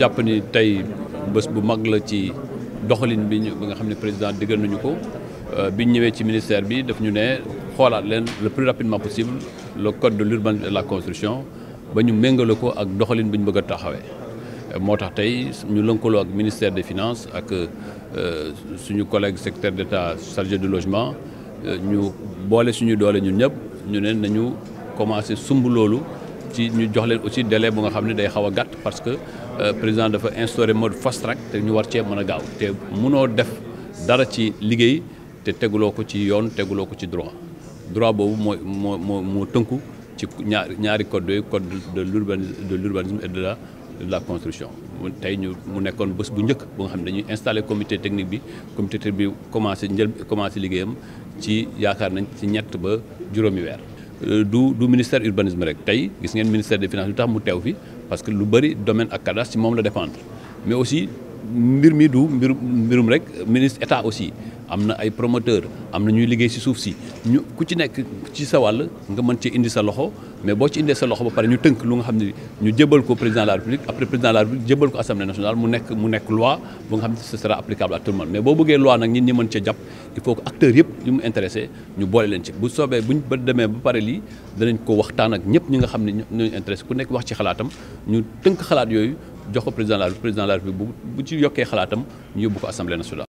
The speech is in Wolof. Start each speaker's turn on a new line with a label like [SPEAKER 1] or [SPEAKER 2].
[SPEAKER 1] japp ni tey bés bu mag la ci doxalin bi ñu bi nga xam ne président diggal nañu ko euh, bi ñëwee ci ministère bi daf ñu ne xoolaat leen le plus rapidement possible le code de l'urbanisme et de la construction ba ñu méngale ko ak doxalin bi ñu bëgg a taxawee. Euh, moo tax tey ñu ak ministère des finances ak euh, suñu collègue secrétaire d'État chargé du logement ñu boole suñu doole ñun ñëpp ñu ne nañu commencé sumb loolu. ci ñu jox leen aussi délai bu nga xam ne day xaw a gàtt parce que euh, président dafa instauré mode fast track te ñu war cee mën a gaaw te mënoo def dara ci liggéey te teguloo ko ci yoon teguloo ko ci droit droit boobu moo moo moo moo tënku ci ñaar ñaari code yooyu code de l'urbanisme de l'urbanisme et de la de la construction tey ñu mu nekkoon bés bu njëkk bu nga xam ne dañuy installé comité technique bi comité technique bi commencé njël commencé liggéeyam ci yaakaar nañ ci ñett ba juróomi weer Euh, du ministère urbanisme rek tay gis ngeen ministère des finances lu tax mu tew fi parce que lu bari domaine ak cadastre ci moom la défendre, mais aussi mbir mi du mbirum mbirum rek ministre état aussi am na ay promoteur am na ñuy liggéey si suuf si ñu ku ci nekk ci sa wàll nga mën ci indi sa loxo mais boo ci indee sa loxo ba pare ñu tënk lu nga xam ne ñu jébal ko président de la république après président de la république jébal mu nekk mu nekk loi bu nga xam ne ce sera applicable à tout bëggee loi nag ñit mën cee jàpp il faut que acteurs yëpp ñu mu intéressé ñu soobee buñ ba demee ba pare lii danañ ko waxtaan ak ñi nga xam ne ñooñu intéressé ku nekk wax ci xalaatam ñu tënk xalaat yooyu jox ko président de la président de la République ñu yóbbu ko assemblée nationale.